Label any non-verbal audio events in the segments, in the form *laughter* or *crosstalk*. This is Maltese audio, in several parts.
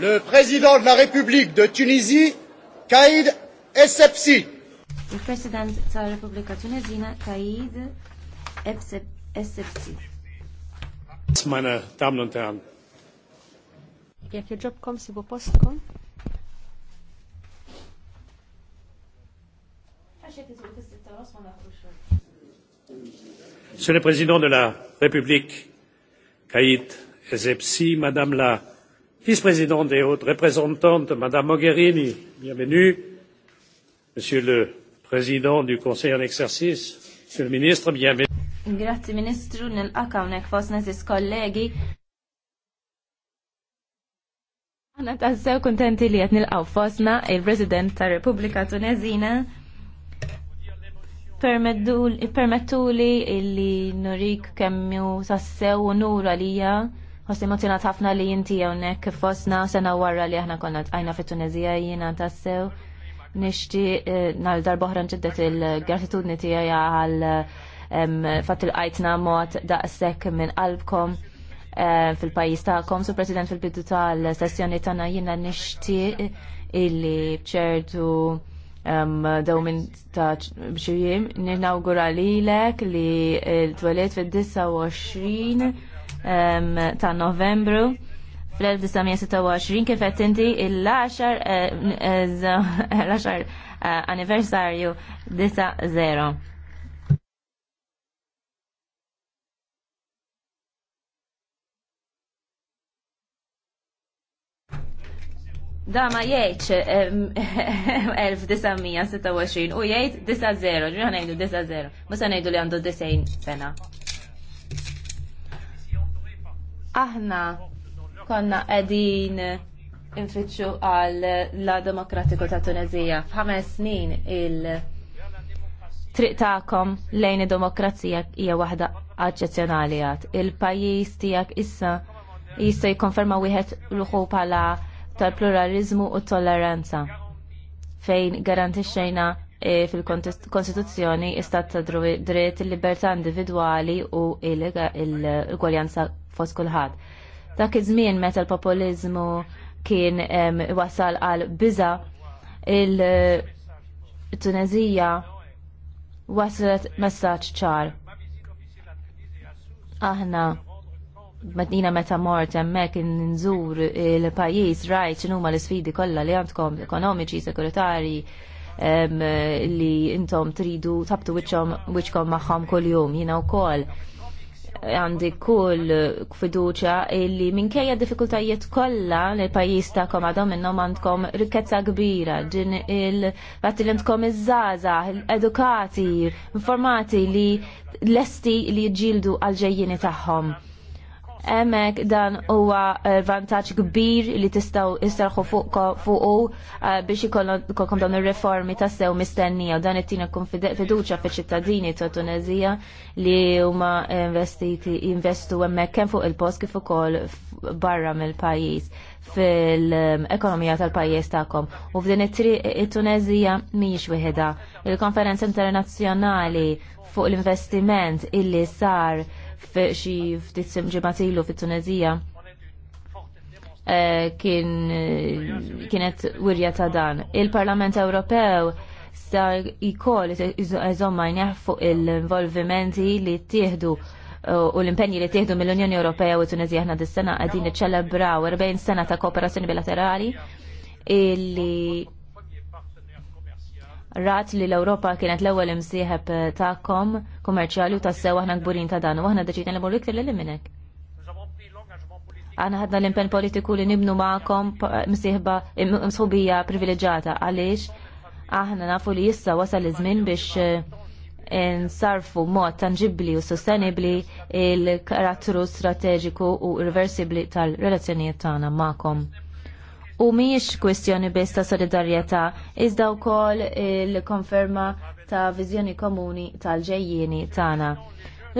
le président de la République de Tunisie, Kaïd Essebsi. président de la République tunisienne, Kaïd Essebsi. Meine Damen und Herren. Jek jġobkom sibu postkom? Monsieur le Président de la République, Kaït Essebsi, Madame la vice-présidente et haute représentante, Madame Mogherini, bienvenue. Monsieur le Président du Conseil en exercice, Monsieur le Ministre, bienvenue. Grazie Ministru, nil-akawnek fosna zis kollegi. Għana tassew kontenti li għet nil-għaw fosna il-President ta' Republika Tunezina. Permettu li illi norik kemmju tassew unura lija Għas emozjonat ħafna li jinti għonek fosna sena warra li aħna konna għajna fit tunezija jina tassew. Nishti eh, nal darboħra nġeddet il-gratitudni tijaj għal fatt il-qajtna mot daqsek minn qalbkom eh, fil-pajis ta'kom. Su president fil-bidu tal-sessjoni tana jina nishti illi bċertu daw minn ta' bċirjim. Ninawgura li l-ek li l-twelet fil-29 ta' novembru fl-1926 kif qed inti l-10 eh, eh, *laughs* eh, anniversarju 9-0. Da ma jgħidx 1926 u jgħid 9-0, ġuħan ngħidu 9-0, musa ngħidu li għandu 9 sena aħna konna qegħdin infittxu għal la demokratiku ta' Tunezija. F'ħames snin il- triq ta'kom lejn id-demokrazija hija waħda eċċezzjonali għad. Il-pajjiż tiegħek issa jista' jikkonferma wieħed ruħu bħala tal-pluralizmu u t-tolleranza fejn garantixxejna eh, fil-Kostituzzjoni istat ta' dritt, il-libertà individwali u l-gwaljanza fost kulħadd. Dak iż-żmien meta l-populizmu kien wasal għal biża il-Tunezija waslet messaġġ ċar. Aħna madina meta mort hemmhekk nżur il-pajjiż rajt x'inhuma l-isfidi kollha li għandkom ekonomiċi, sekuritarji li intom tridu tabtu wiċċkom magħhom kuljum jiena wkoll għandi kull fiduċa illi minkejja diffikultajiet kollha li pajjiż tagħkom għadhom minnhom għandkom rikkezza kbira, ġin il-fatti li għandkom iż-żaża, edukati, informati li lesti li jġildu għal ġejjini tagħhom. Hemmhekk dan huwa eh, vantaġġ kbir li tistgħu istarħu fuqu eh, biex ikollkom dawn ir-reformi sew mistennija u dan ittina fiduċja fiċ-ċittadini ta' Tunezija li huma investiti investu hemmhekk kemm fuq il-post kif ukoll barra mill-pajjiż fil-ekonomija tal-pajjiż tagħkom. U f'din it-triq it-Tunezija mhijiex wieħeda. Il-Konferenza Internazzjonali fuq l-investiment illi sar fi ftit ġematilu fit-Tunezija eh, kien eh, kienet wirja ta' dan. Il-Parlament Ewropew sta jkoll iżommajn fuq il-involvimenti li ttieħdu eh, u l-impenji li tieħdu mill-Unjoni Ewropea u Tunezija ħna dis-sena qegħdin iċċelebraw 40 sena ta' kooperazzjoni bilaterali illi rat li l-Ewropa kienet l-ewwel imsieħeb tagħkom kummerċjali u tassew aħna gburin ta' dan u aħna deċidna li morru li minnek. Aħna ħadna l-impen politiku li nibnu maqom msieħba msħubija privileġata għaliex aħna nafu li jissa wasal iż-żmien biex eh, nsarfu mod tangibli u sostenibli il-karattru strateġiku u irreversibli tal-relazzjonijiet tagħna magħkom u mhijiex kwestjoni biss ta' solidarjetà iżda wkoll il-konferma ta' viżjoni komuni tal-ġejjieni tagħna.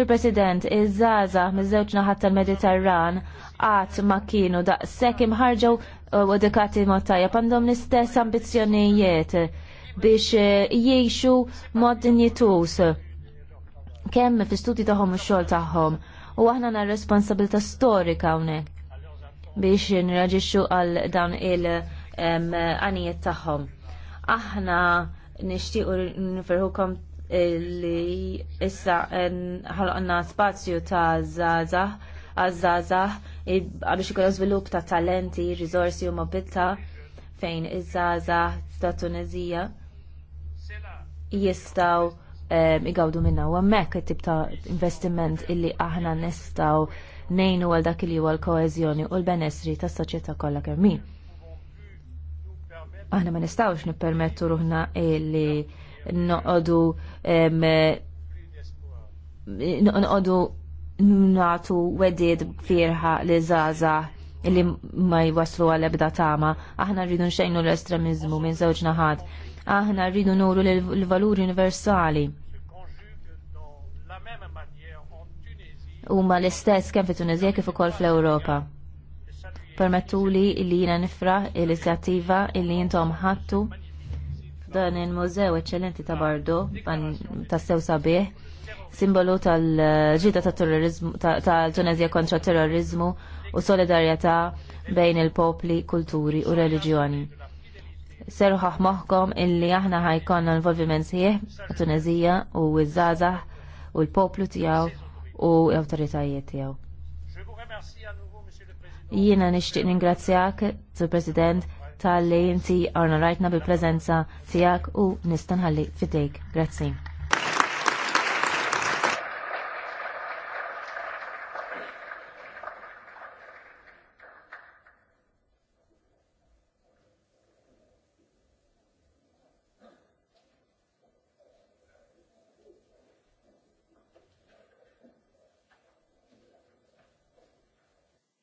Il-President, iż-żaza miż-żewġ naħat tal-Mediterran għat ma kienu daqshekk imħarġew u dedikati mod tajjeb għandhom l-istess ambizzjonijiet biex jgħixu mod dinjitus kemm fi studji tagħhom u x-xogħol tagħhom u aħna nar responsabilità storika hawnhekk biex nraġixxu għal dan il-għanijiet tagħhom. Aħna nixtiequ nifirħukom eh, li issa ħalqna spazju ta' zazah għazzazah għabiex ikollhom żvilupp ta' talenti, rizorsi u mobilta fejn iż-żazah ta' Tunezija jistaw Um, igawdu minna u għammek tip ta' investiment illi aħna nistaw nejnu għal dak li huwa l-koezjoni u l-benessri tas soċjetà kollha kemm Aħna ma nistawx nippermettu ruħna illi noqogħdu um, noqogħdu nagħtu wedid firħa li żaża illi ma jwaslu għal ebda tama. Aħna rridu nxejnu l-estremizmu minn żewġ naħat aħna rridu nuru l-valuri universali. Huma l-istess kemm fi Tunizija kif ukoll fl-Ewropa. Permettuli li jiena nifraħ l-inizjattiva li jintom ħattu dan il-mużew eċċellenti ta' Bardo ta' sew sabiħ, simbolu tal-ġida ta' terrorizmu tal-Tunezija kontra terrorizmu u solidarjetà bejn il-popli, kulturi u reliġjoni seru moħkom illi aħna ħajkonna involviment sieħ Tunezija u Zaza u l-poplu tijaw u l-autoritajiet tijaw. Jiena nishtiq ningrazzjak, tu President, tal-li inti għarna rajtna bil-prezenza tijak u nistanħalli fidejk. Grazzi.